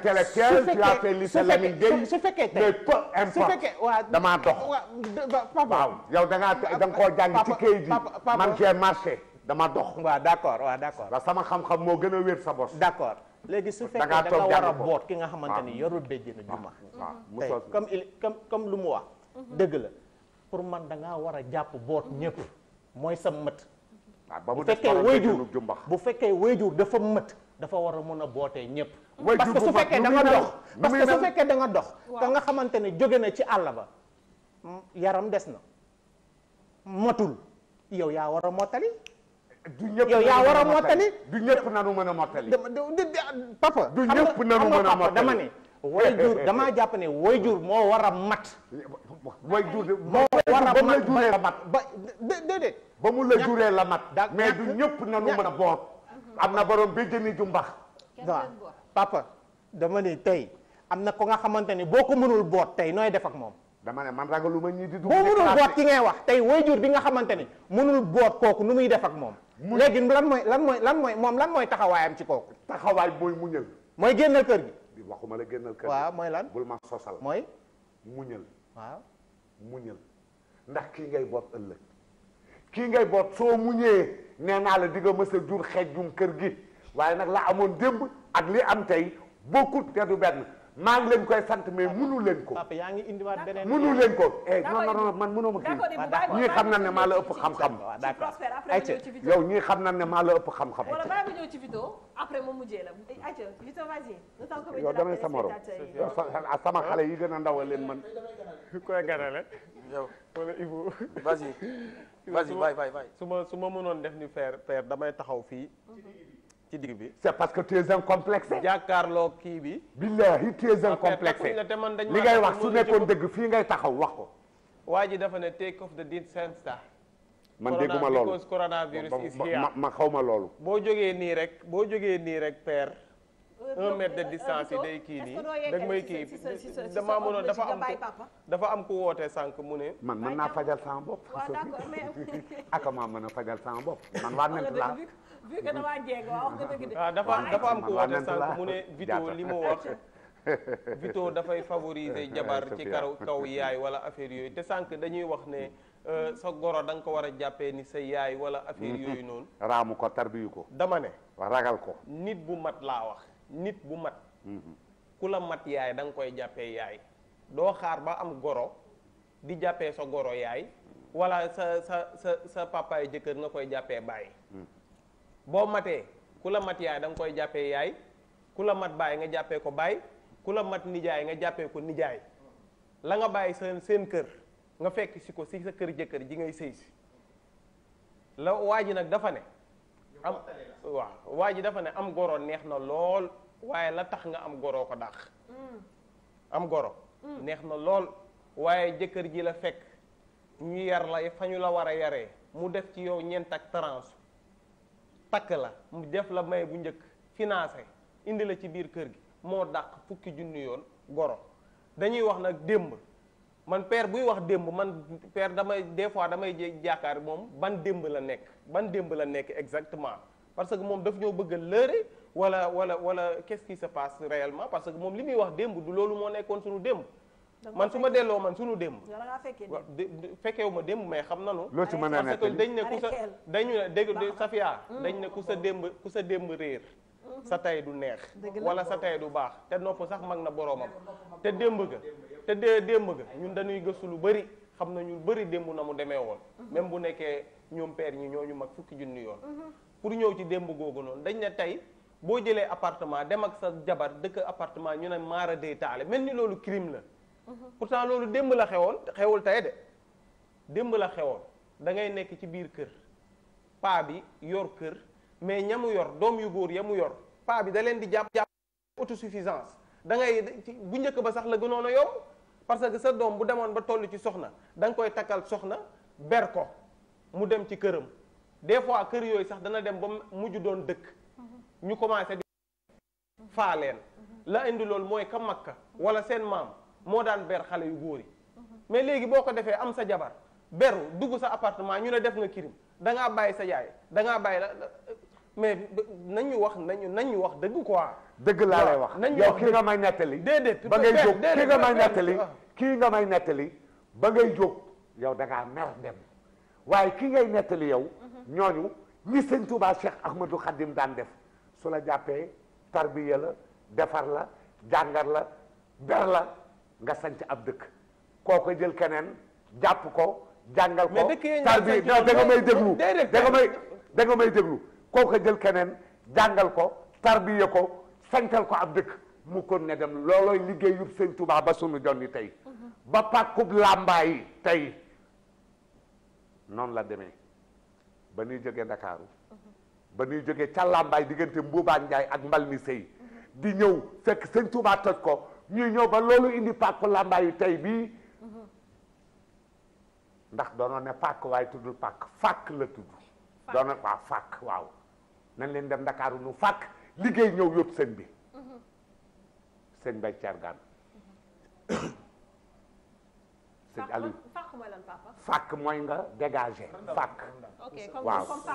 intellectuel tu as fait lycée Lamine su fekkee tey mais peu importe damaa dox waaw yow da ngaa da nga koo jàng ci këyit yi man j'ai marché dama dox waaw d'accord waaw d'accord ndax sama xam-xam moo gën a wér sa bos d'accord léegi su fekkee da nga war a boot ki nga xamante ni yorul béjjëna juma tey comme il comme comme lu mu wax mhm. dëgg la pour man da ngaa war a jàpp boot ñëpp mooy sa mët bu fekkee wayjur bu fekkee wayjur dafa mët dafa war a mën a bootee ñëpp parce que su fekkee da dox parce que su fekkee danga dox te nga xamante ne jóge na ci àll ba yaram des na matul yow yaa war a mottali du ñëpp yow yaa war a mottali mën a mottali papa du ñëpp nanu mën a mottali dama ne way jur damaa jàpp ne way jur moo war a mat way jur moo war a mat ba déedéet ba mu la juree la mat mais du ñëpp nanu mën a boot am na boroom bi jëmi ju jumbax waaw papa dama ne tey am na ko nga xamante ni boo ko mënul boot tey nooy def ak moom dama ne man lu ma ñii di dugg boot ki ngay wax tey waajur bi nga xamante ni mënul boot kooku nu muy def ak moom léegi lan mooy lan mooy lan mooy moom lan mooy taxawaayam ci kooku taxawaay mooy muñal mooy génnal kër gi waxuma la génnal kër gi mooy lan bul ma sosal mooy muñal waaw muñal ndax kii ngay boot ëllëg kii ngay boot soo muñee nee naa la di nga mës a jur xejjum kër gi waaye nag la amoon démb ak li am tey bokkut te du benn maa ngi leen koy sant mais munu leen ko. yaa ngi indiwaat beneen munu leen ko. eh non non non man mënoo ma kii ñii xam na ne maa la ëpp xam-xam. d'accord ayca yow ñii xam na ne maa la ëpp xam-xam. wala bàyyi ma ñëw la ayca Vito vas-y. yow damay ah, sama morom xale yi gën a ndaw a leen man. koy ganale yow wala Ibou vas-y vas-y su ma su ma mënoon def ni père père damay taxaw fii mhm. ci digg bi c'est parce que tu es un complexe. jàkkaarloo kii bi. billahi tu es un complexe li ngay wax su nekkoon dëgg fii ngay taxaw wax ko. waa ji dafa ne take off the defense star. man dégguma loolu because coronavirus is here ma xaw ma loolu. boo jógee nii rek boo jogee nii rek père. un de distance yi day kii nii dag may kii damaa mënoon dafa am dafa am ku woote sànq mu ne man mën naa fajal sama bopp ak maa mën a fajal sama bopp man waa nent laa vu que damaa wax dafa ah, dafa am ku woote sànq mu ne Vito li mu wax. Vito dafay favoriser jabar ci kaw kaw yaay wala affaire yooyu te sànq dañuy wax ne euh, sa goro da nga ko war a jàppee ni sa yaay wala affaire mhm. yooyu noonu. raamu ko tarbiyu ko. dama ne. ragal ko. nit bu mat laa wax nit bu mat. Mhm. ku la mat yaay danga koy jàppee yaay doo xaar ba am goro di jàppe sa goro yaay wala sa sa sa sa papaay jëkkër nga koy jàppe bàyyi. boo matee ku la mat yaay da nga koy jàppee yaay ku la mat baay nga jàppee ko baay ku la mat nijaay nga jàppee ko nijaay la nga bàyyi seen seen kër nga fekk si ko si sa kër jëkkër ji ngay sëy si la waa ji nag dafa ne am waaw waa ji dafa ne am goro neex na lool waaye la tax nga am goro ko dàq mm. am goro mm. neex na lool waaye jëkkër ji la fekk ñu yar la fa ñu la war a yaree mu def ci yow ñeent ak transe takk la mu def la may bu njëkk financé indi la ci biir kër gi moo dàq fukki junni yoon goro dañuy wax nag démb man père buy wax démb man per damay des fois damay jaakaar moom ban démb la nekk ban démb la nekk exactement parce que moom dafa ñoo bëgg a lëre wala wala wala qu'est-ce qui se passe réellement parce que moom li muy wax démb du loolu moo nekkoon suñu démb man su ma delloo man sunu démb. waaw fekkeewu ma démb mais xam nanu. loo ci mën a nekk dañ ne ku sa dañu ne dégg Safia. Mm. dañ ne ku sa démb ku sa démb réer. Mm-hmm. sa tay du neex. wala sa tay du baax te nopp sax mag na boroomam. te démb ga te dé démb ga ñun dañuy gëstu lu bëri xam na ñu bëri démb na mu demee woon. Mm-hmm. même bu nekkee ñoom père ñi ñoo ñu mag fukki junni yoon. Mm-hmm. pour ñëw ci démb googu noonu dañ ne tey. boo jëlee appartement dem ak sa jabar dëkk appartement ñu ne maara day taale mel ni loolu crime la pourtant loolu démb la xewoon xewul tey de démb la xewoon da ngay nekk ci biir kër paa bi yor kër mais ñamu yor doom yu góor yamu yor paa bi da leen di jàpp jàpp autosuffisance da ngay bu njëkk ba sax la gënoon a yow parce que sa doom bu demoon ba toll ci soxna da koy takkal soxna ber ko mu dem ci këram des fois kër yooyu sax dana dem ba mujj doon dëkk ñu commencé di faa leen la indi loolu mooy ka makka wala seen maam moo daan ber xale yu góor yi mais léegi boo ko defee am sa jabar beru dugg sa apartement ñu ne def nga kirim dangaa ngaa bàyyi sa yaay dangaa ngaa bàyyi la mais nañu wax nañu nañu wax dëgg quoi. dëgg laa lay wax yow kii nga may nettali. déedéet ba ngay jóg kii nga may nettali kii nga may nettali ba ngay jóg yow da ngaa mer dem waaye kii ngay nettali yow. Mhm. ñooñu ñi sëñ Touba Cheikh Ahmadou Khadim daan def su la jàppee tarbiya la defar la jàngar la ber la. nga sanc ab dëkk kooko jël keneen jàpp ko jàngal ko tarbi da may déglu da nga may da nga may déglu kooko jël keneen jàngal ko tarbiye ko santal ko ab dëkk mu kon ne dem loolooy liggéey sëñ tubaa ba sunu jonni tey mhm. ba pàkkub làmbaay tey noonu la demee ba nuy jógee ndakaaru mhm. ba nuy jógee ca làmbaay diggante mbuubaa njaay ak mbal mi sëy mhm. di ñëw fekk sëñ Tuubaa toj ko ñu ñëw ba loolu indi pàkku làmbaayu tey bii ndax doonoon ne pàkk waaye tuddul pàkk fàkk la tudd doonoon waaw fàkk waaw nañ leen dem ndakaaru nu fàkk liggéey ñëw yóbbu sëñ bi sëñ bay cergaan sëñ Aliou mooy lan papa fàkk mooy nga dégagé fàkk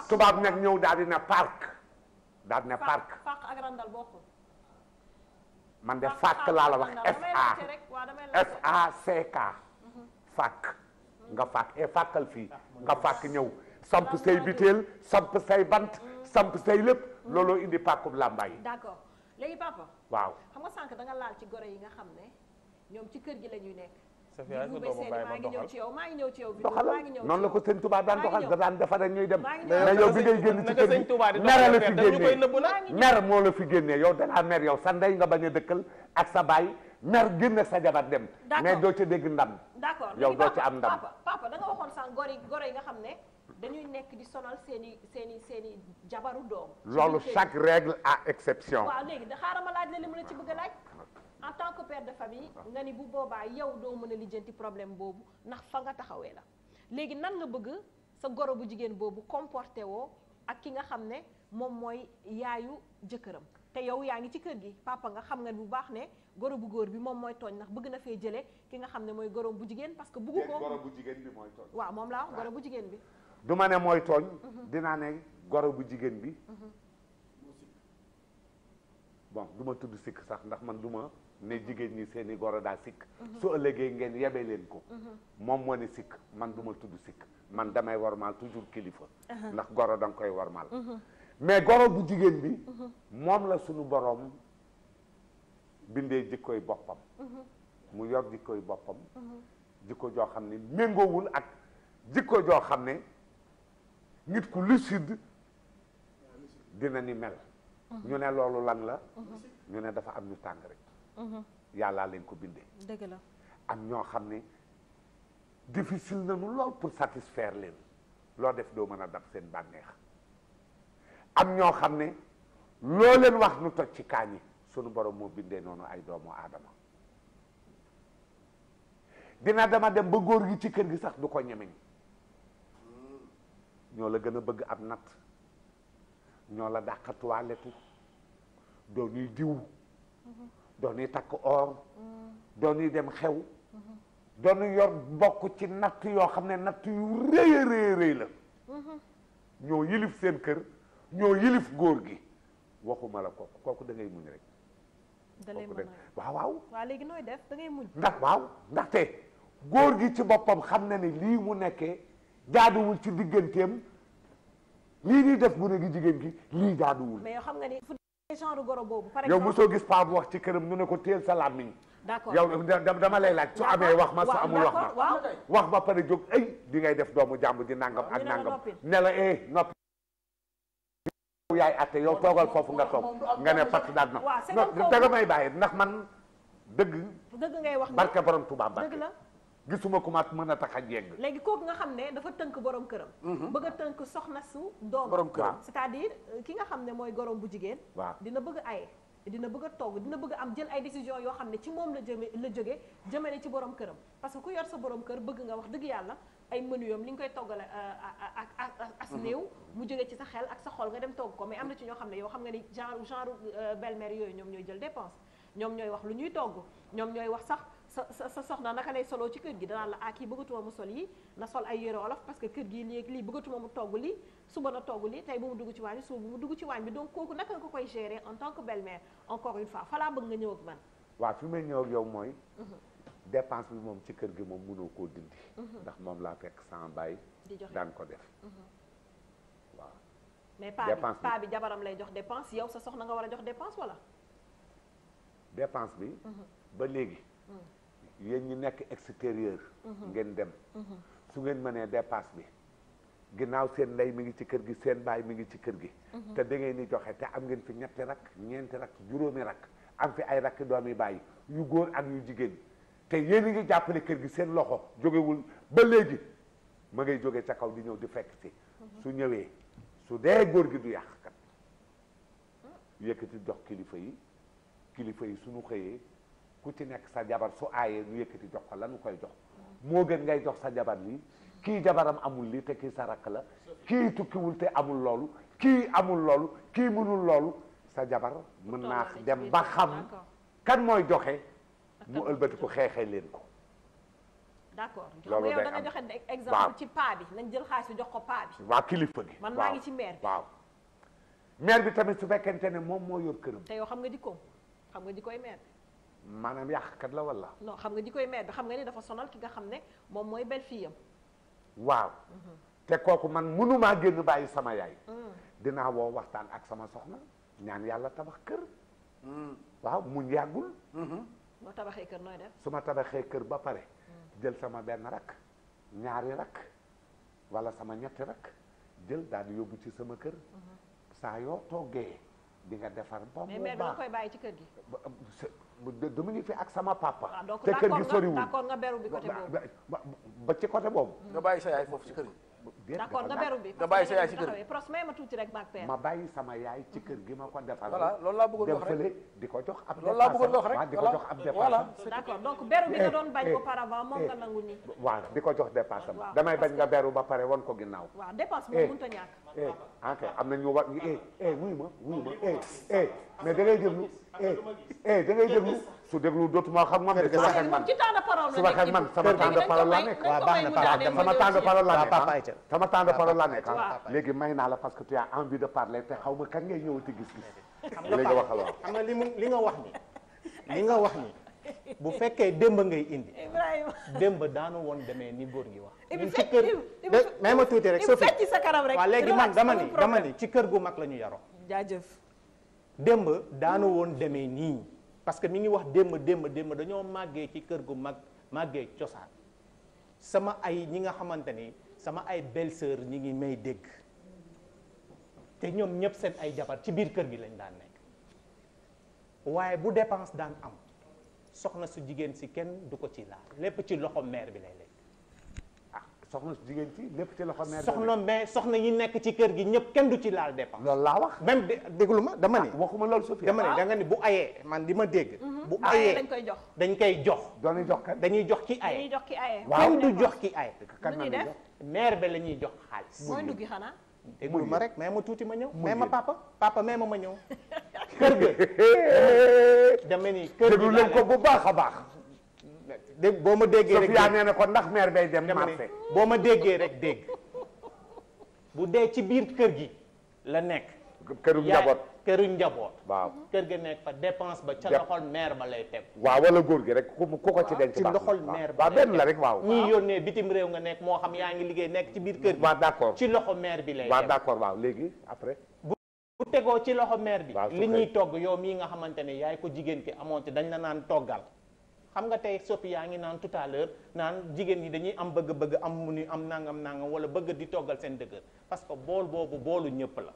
tubaab nag ñëw daal di ne parc daal di man de fàkk laa la wax fa fack fàkk nga fàkk e fàkkal fii nga fàkk ñëw samp say biteel samp say bant mm. samp say lépp mm. looloo indi pàkkum làmbaay yi d'accord léegi papa waaw xam nga sànq da laal ci goro yi nga xam ne ñoom ci kër gi la ñuy nekk Safia noonu la ko sëñ Touba daan doxal da daan defar ñuy dem mais yow bi ngay génn ci kër gi mer la fi génnee mer moo la fi génnee yow dangaa mer yow sa ndey nga bañ a dëkkal ak sa baay mer génn sa jabar dem mais doo ca dégg ndam d'accord yow doo ca am ndam papa da nga waxoon sànq gor yi gor yi nga xam ne dañuy nekk di sonal seeni seeni seeni jabaru doom loolu chaque règle à exception waaw léegi xaaral ma laaj la li mu la ci bëgg a laaj en tant que père de famille nga ni bu boobaa yow doo mën a lijjanti problème boobu ndax fa nga taxawee la léegi nan nga bëgg sa goro bu jigéen boobu comporté woo ak ki nga xam ne moom mooy yaayu jëkkëram te yow yaa ngi ci kër gi papa nga xam nga bu baax ne goro bu góor bi moom mooy tooñ ndax bëgg na fee jëlee ki nga xam ne mooy goro bu jigéen parce que bëggu ko goro bu jigéen bi mooy waaw moom laa wax goro bu jigéen bi du ma ne mooy tooñ mhm. dinaa ne goro bu jigéen bi mhm. bon du ma tudd sikk sax ndax man du ma ne jigéen ñi seeni goro daa sikk su ëllëgee ngeen yebee leen ko moom moo ne sikk man du ma tudd sikk man damay warmaal toujours kilifa uh-huh. ndax goro danga nga koy warmaal uh-huh. mais goro bu jigéen bi uh-huh. moom la suñu boroom bindee jikkoy boppam mu yor jikkoy boppam jikko joo xam ne méngoowul ak jikko joo xam ne nit ku lucide dina ni mel Mhm. ñu ne loolu lan la mhm. ñu ne dafa am ñu tàng rek mhm. yàllaa leen ko bindee dëgg la am ñoo xam ne difficile nañu lool pour satisfaire leen loo def doo mën a dab seen bànneex am ñoo xam ne loo leen wax nu toj ci kaañi sunu borom moo bindee noonu ay doomu aadama dina dama dem ba góor gi ci kër gi sax du ko ñemeñ mm. ñoo la gën a bëgg ab natt ñoo la dàq toilette doonuy diw doonuy takk or doonuy dem xew doonuy yor bokk ci natt yoo xam ne natt yu rëy a rëy la ñoo yilif seen kër ñoo yilif góor gi waxuma la kooku kooku dangay ngay muñ rek waaw waaw waaw léegi nooy def dangay ngay muñ ndax waaw ndaxte góor gi ci boppam xam na ne lii mu nekkee jaaduwul ci digganteem lii ñuy def gune gi jigéen gi lii jaaduwul. mais yow xam nga ni genre boobu. par exemple yow gis paa bu wax ci këram ñu ne ko téel sa làmmiñ. d'accord yow dama lay laaj su amee wax ma su amul wax ma wax ba pare jóg ay di ngay def doomu jàmb di nangam ak nangam ne la eh noppi yaay atte yow toogal foofu nga toog nga ne pat daal na danga may bàyyi ndax man dëgg dëgg ngay wax barke borom tubaab dëgg la gisuma ku ma mën a tax a jégg léegi kooku nga xam ne dafa tënk borom këram mhm. bëgg a tënk soxna su doom borom këram c'est-à-dire euh, ki nga xam ne mooy gorom bu jigéen waaw dina bëgg aye dina bëgg a togg dina bëgg am jël ay décision yoo xam ne ci moom la jëme la jóge jëmale ci borom këram parce que ku yor sa borom kër bëgg nga wax dëgg yàlla ay menu yoom li nga koy toggale euh, ak as mhm. néew mu jóge ci sa xel ak sa xol nga dem togg ko mais am na ci ñoo xam ne yow xam nga ni genre genre euh, belle yooyu ñoom ñooy jël dépense ñoom ñooy wax lu ñuy togg ñoom wax sax sa sa soxna naka lay solo ci kër gi danaa la ah kii bëggatuma mu sol yi na sol ay yére olof parce que kër gi léegi lii bëggatuma mu togg li suba na togg li tey bu mu dugg ci waañ bi suba bu mu dugg ci waañ bi donc kooku naka nga ko koy gérer en tant que belle-mère encore une fois falaa bëgg nga ñëw man waaw fi may ñëw yow mooy mhm. dépense bi moom ci kër gi moom mënoo koo dindi mhm. ndax moom laa fekk sans bàyyi daan ko def mhm. waaw mais paa bi jabaram lay jox dépense yow sa soxna nga war a jox dépense wala bi ba yéen ñi nekk extérieur mhm. ngeen dem mhm. su ngeen mënee dépasse bi ginnaaw seen ndey mi ngi ci kër gi seen baay mi ngi ci kër gi mhm. te da ngeen di joxe te am ngeen fi ñetti rakk ñeenti rakk juróomi rakk am fi ay rakk doomi bàyyi yu góor ak yu jigéen te yéen a ngi jàppale kër gi seen loxo jógewul ba léegi ma ngay jóge ca kaw di ñëw di fekk si su ñëwee su dee góor gi du yàq kat yëkkati jox kilifa yi kilifa yi suñu xëyee ku ci nekk sa jabar su aayee ñu yëkkati jox ko lanu koy jox moo gën ngay jox sa jabar lii kii jabaram amul lii te kii sa rakk la kii tukkiwul te amul loolu kii amul loolu kii mënul loolu sa jabar mën naa dem ba xam kan mooy joxe mu ëlbati ko xeexee leen ko d'accord loolu yow da nga joxe exemple ci paa bi lañ jël xaalis bi jox ko paa bi waaw kilifa gi man maa ngi ci waaw maire bi tamit su fekkente ne moom moo yor këram te yow xam nga dikkoom xam nga di koy maire maanaam kat la wala. non xam nga di koy maire bi xam nga ni dafa sonal ki nga xam ne moom mooy belle fille am waaw. Mhm. te kooku man mënumaa génn bàyyi sama yaay. Mm. dinaa woo waxtaan ak sama soxna ñaan yàlla tabax kër. Mm. waaw muñ yàggul. Mhm. boo tabaxee kër nooy def. su ma tabaxee kër ba pare. Mm. jël sama benn rak ñaari rak wala sama ñetti rak jël daal yóbbu ci sama kër. Mhm. saa yoo toggee di nga defar ba mu baax mais mère bi koy bàyyi ci kër gi. dama ngi fi ak sama papa. Ah, te kër gi soriwul d'accord nga beru bi côté boobu. ba ci côté boobu. nga bàyyi sa yaay foofu ci kër gi. bi nga bàyyi sa yaay ci ma rek maag bàyyi sama yaay ci kër gi ma ko defal. voilà loolu laa bëggoon wax di ko jox ab. loolu laa bëggoon wax rek di ko jox ab donc beru bi nga doon bañ auparavant moom nga eh, eh, nangu nii. waaw di ko jox dépassement. damay bañ nga beru ba pare woon ko ginnaaw. waaw dépense eh, a eh am na ñu war ñu eh eh wuyu ma wuyu ma eh eh mais da ngay déglu eh eh da ngay su déglu dootuma xam man de su waxee man su waxee man sama temps de parole laa nekk waaw baax na sama temps de parole laa nekk sama temps de parole laa nekk léegi may naa la parce que tu as envie de parler te xaw ma kan ngay ñëw te gis-gis léegi waxal waaw xam li mu li nga nga wax ni bu fekkee démb ngay indi. Ibrahima démb daanu woon demee ni góor ngi wax. ñun ci may ma tuuti rek. Sophie fecc sa kanam rek. waaw léegi man dama ni dama ci kër gu mag la ñu yaroo. jaajëf. démb daanu woon demee nii parce que mi ngi wax démb démb démb dañoo màggee ci kër gu mag màggee cosaan sama ay ñi nga xamante ni sama ay belle ñi ngi may dégg te ñoom ñëpp seen ay jabar ci biir kër gi lañ daan nekk waaye bu dépense daan am. soxna su jigéen si kenn du ko ci laal lépp ci loxo meer bi lay lekk. ah soxna su jigéen si lépp ci loxo mère. soxna mais soxna yi nekk ci kër gi ñëpp kenn du ci laal dépense. loolu laa wax même déglu ma dama ne. Ah, waxuma loolu Sophia dama ne ah. da nga ni bu ayee man li ma dégg. Mhm. bu ah, dañ koy jox. dañ koy jox. dañuy jox dañuy jox ki aye. dañuy jox ki aye. waaw jox ki aye. kan nañu jox bi la ñuy jox xaalis. mooy ndugg xanaa. déglu ma rek mais ma tuuti ma ñëw. mais ma papa papa mais ma ma ñëw. kër ga dama ni kër gi déglu bu baax a baax. dégg boo ma déggee rek Sofia nee na ko ndax maire bay dem marché boo ma déggee rek dégg bu dee ci biir kër gi la nekk. këru njaboot këru njaboot. waaw kër ga nekk fa dépense ba ca loxol maire ba lay teg. waaw wala góor gi rek ku ku ko ci denc. baax na ci loxol maire ba lay waaw benn la rek waaw. bitim réew nga nekk moo xam yaa ngi liggéey nekk ci biir kër gi. waaw d'accord ci loxo maire bi lay teg waaw d'accord waaw léegi après. bu tegoo ci loxo maire bi li ñuy togg yow yi nga xamante ne yaay ko jigéen ki amoon ci dañ la naan toggal xam nga tey soppi yaa ngi naan tout naan jigéen ñi dañuy am bëgg-bëgg am mu ni am nangam nangam wala bëgg di toggal seen dëkkër parce que bool boobu boolu ñëpp la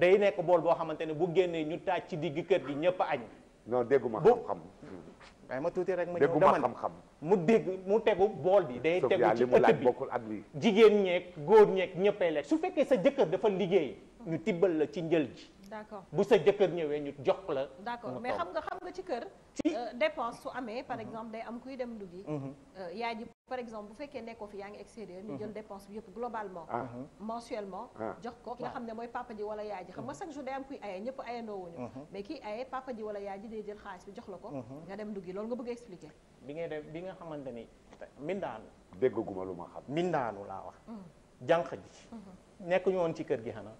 day nekk bool boo xamante ne bu génnee ñu taaj ci digg kër gi ñëpp añ non dégguma xam-xam hmm. waaye ma tuuti rek ma ñëw dama xam-xam mu dégg mu tegu bool bi day tegu ci ëtt bi jigéen ñeek góor ñeeg ñëppay lekk su fekkee sa jëkkër dafa liggéey ñu tibbal la ci njël ji d'accord bu sa jëkkër ñëwee ñu jox la. d'accord mais xam nga xam nga ci kër. ci euh, dépense su amee par mhm. exemple day am kuy dem nduggi. Mhm. Euh, yaay ji par exemple bu fekkee nekkoo fi yaa ngi extérieur ñu mhm. jël dépense bi yëpp globalement. Ah. mensuellement. Ah. jox ko ki nga ah. xam ne mooy papa ji wala yaay ji xam nga chaque jour day am kuy aye ñëpp aye noo wuñu mais kii aye papa jël xaalis bi jox la ko. nga dem nduggi loolu nga bëgg expliquer. bi nga xamante ni mindaanu. déggaguma lu ma xam. mindaanu laa wax. jànq ji. nekk ñu woon ci kër gi xanaa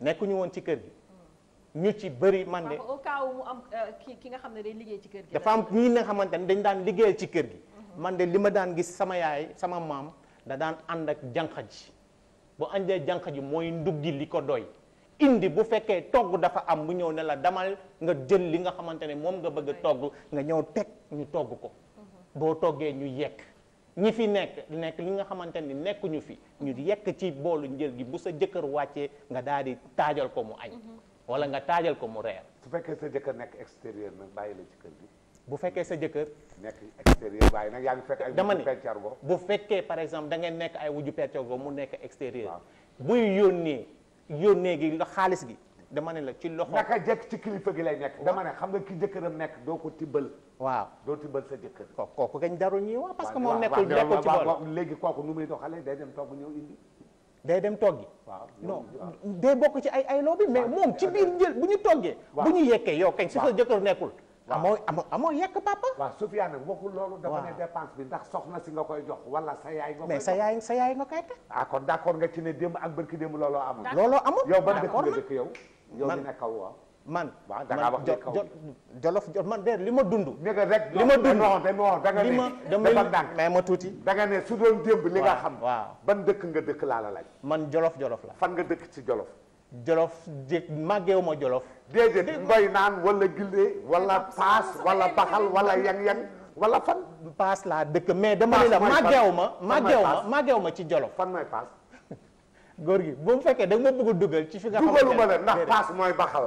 nekkuñu woon ci kër gi. ñu ci bëri man de. au am euh, ki nga xam ne day liggéey ci kër gi. dafa am nga xamante ne dañ daan liggéeyal ci kër gi. Mhm. man de li ma daan gis sama yaay sama maam da daan ànd ak jànq ji bu àndee jànq ji mooy ndug gi li ko doy. indi bu fekkee togg dafa am bu ñëw ne la damal nga jël li nga xamante ne moom nga bëgg a togg nga ñëw teg ñu togg ko. Mhm. boo toggee ñu yekk. ñi fi nekk nekk li nga xamante ni nekkuñu fi ñu yekk ci boolu njël gi bu sa jëkkër wàccee nga daal di taajal ko mu añ mhm. wala nga taajal ko mu reer su fekkee sa jëkkër nekk extérieur nag bàyyi la ci gi bu fekkee sa jëkkër nekk extérieur waaye nag yaa ngi fekk ay dama ne bu fekkee par exemple da ngeen nekk ay wuju percargo mu nekk extérieur buy yónnee yónnee gi xaalis gi dama ne la ci loxo naka jekk ci kilifa gi lay nekk dama ne xam nga ki jëkkëram nekk doo ko tibbal waaw doo tibbal sa jëkkër. kooku kooku kañ daru ñii waaw parce que moom nekkul nekkul ci bool léegi kooku nu muy doxalee day dem togg ñëw indi. day dem toggi. waaw non day bokk ci ay ay loo bi mais moom ci biir njël bu ñu toggee. bu ñu yekkee yow kañ si sa jëkkër nekkul. waaw amoo amoo amoo yekk papa. waaw loolu. dafa ne bi ndax soxna si nga koy jox wala sa yaay. nga koy mais sa yaay sa yaay nga ah, kon d' accord nga ci ne démb ak barki démb looloo amul. looloo amul d' accord yow ban dëkk nga dëkk yow. yow dina kaw waaw man man jot jolof jot man de li ma dund. li ma dund li ma damay mais ma tuuti. da nga ne su doon démb li nga xam. waaw ban dëkk nga dëkk laa la laaj. man jolof jolof la. fan nga dëkk ci jolof. jolof jé màggeewu ma jolof. déedéet ngoy naan walla gille wala paas wala baxal wala yang-yang wala fan. paas laa dëkk mais dama ne la màggeewu ma màggeewu ma màggeewu ma ci jolof. fan mooy paas. góor gi bu fekkee da nga ma bëgg duggel dugal ci fi nga. dugalu ma la ndax paas mooy baxal.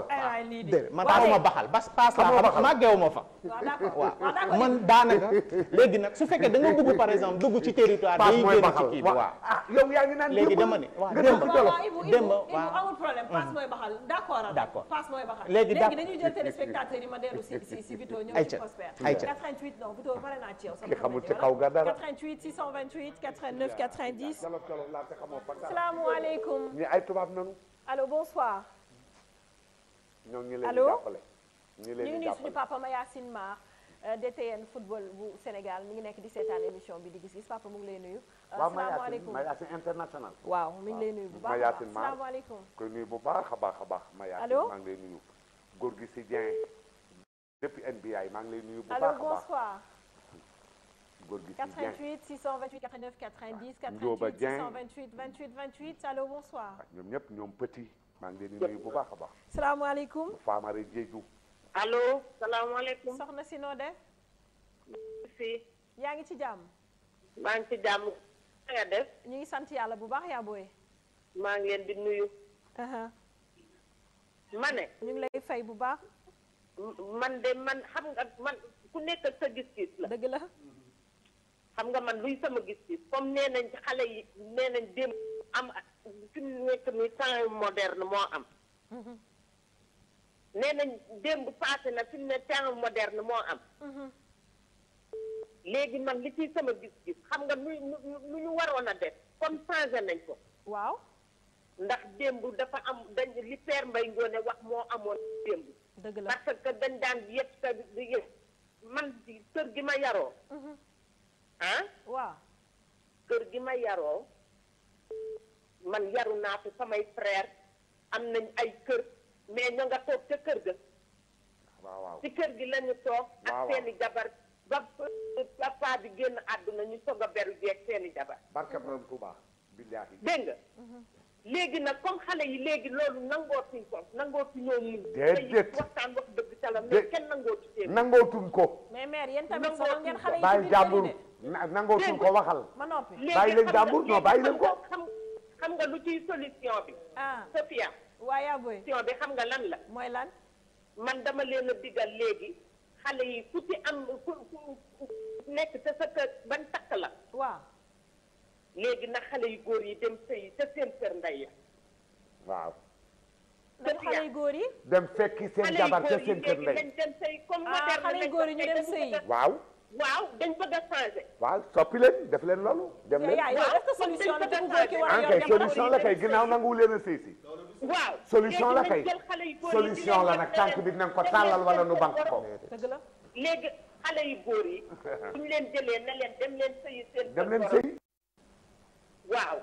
déedéet ma baxal bas ma fa. waaw man daanaka léegi nag su fekkee da nga bëgg par exemple dugg ci territoire. paas mooy baxal day génn ci kii bi waaw. yow yaa ngi naan léegi dama ne waaw démb démb waaw amul problème paas mooy baxal d'accord d'accord paas mooy baxal léegi dañuy jël téléspectateurs yi ma dellu si si si Vito ñëw ci Prospère 88 non Vito pare naa ci yow sama xamul ci kaw ga dara 88 628 asalaamaaleykum ñu ay tubaab nanu alo bonsoir ñoo ngi leen di jàppale ñu ngi nuyu suñu papa ma Mar DTN football bu Sénégal mi ngi nekk di seetaan émission bi di gis-gis papa mu ngi lay nuyu euh, waaw Mayacine Mayacine international waaw mi ngi lay nuyu bu baax Mayacine Mar asalaamaaleykum koy nuyu bu baax a baax a baax Mayacine maa ngi lay nuyu góor gi si Dieng depuis NBA maa ngi lay nuyu bu baax a baax allo bonsoir góor gi 88 628 89 90. 88 628 28 28 allo bonsoir. Ah, ñoom ñëpp ñoom petit. maa ngi leen di nuyu bu baax a baax. salaamaaleykum. Famara Diédhiou. allo. salaamaaleykum. soxna si noo def. si. yaa ngi ci jàmm. maa ngi ci jàmm. nga def. ñu ngi sant yàlla bu baax yaa booy. maa ngi leen di nuyu. ma ne. ñu ngi lay fay bu baax. man de man xam nga man ku nekk sa gis la. dëgg la. xam nga man luy sama gis-gis comme nee nañ xale yi nee nañ démb am fi mu nekk ni temps moderne moo am. Mhm. nee nañ démb passé na fi ne temps moderne moo am. Mhm. léegi man li ciy sama gis-gis xam nga nu nu nu ñu waroon a def comme changé nañ ko. waaw ndax démb dafa am dañ li Père Mbaye Ngoné wax moo amoon démb. dëgg la parce que dañ daan yëpp sa yëpp man kër gi ma yaroo. Mhm. ah. waaw. kër gi ma yaroo man yaru naa fi samay frère am nañ ay kër mais ña nga toog ca kër ga. waaw waaw ci kër gi lañu toog. ak seeni jabar ba papa bi génn àdduna ñu soog a beru jeeg seeni jabar. barka borom Tuuba billaahi. dégg nga. Mhm. léegi nag comme xale yi léegi loolu nangootuñ ko nangootuñ ñoo muñ. déedéet waxtaan wax dëgg ca la mais kenn nangootu. nangootuñ ko. mais mère yéen tamit sonal ngeen xale yi. nangootul ko waxal. ma noppi bàyyi leen jàmbur non bàyyi leen ko. xam nga lu ciy solution bi. ah Sophia. waaw booy xam nga lan la. mooy lan. man dama leen a digal léegi xale yi ku ci am ku nekk sa kër ban takk la. waaw. léegi na xale yu góor yi dem sëyi ca seen kër nday ya. waaw. dem xale yu góor yi. dem fekki seen jabar ca seen kër ndey. Ah, xale yu góor yi dem sëyi. waaw. waaw dañ bëgg a changer. waaw soppi leen def leen loolu. dem leen waaw solution la ah, solution la kay ginnaaw nangu leen a séy si. waaw solution la kay solution la nag tànk bi dinañ ko tàllal wala nu banque ko. dëgg la léegi xale yu góor yi. bu ñu leen jëlee leen dem leen sëyi seen. leen sëyi. waaw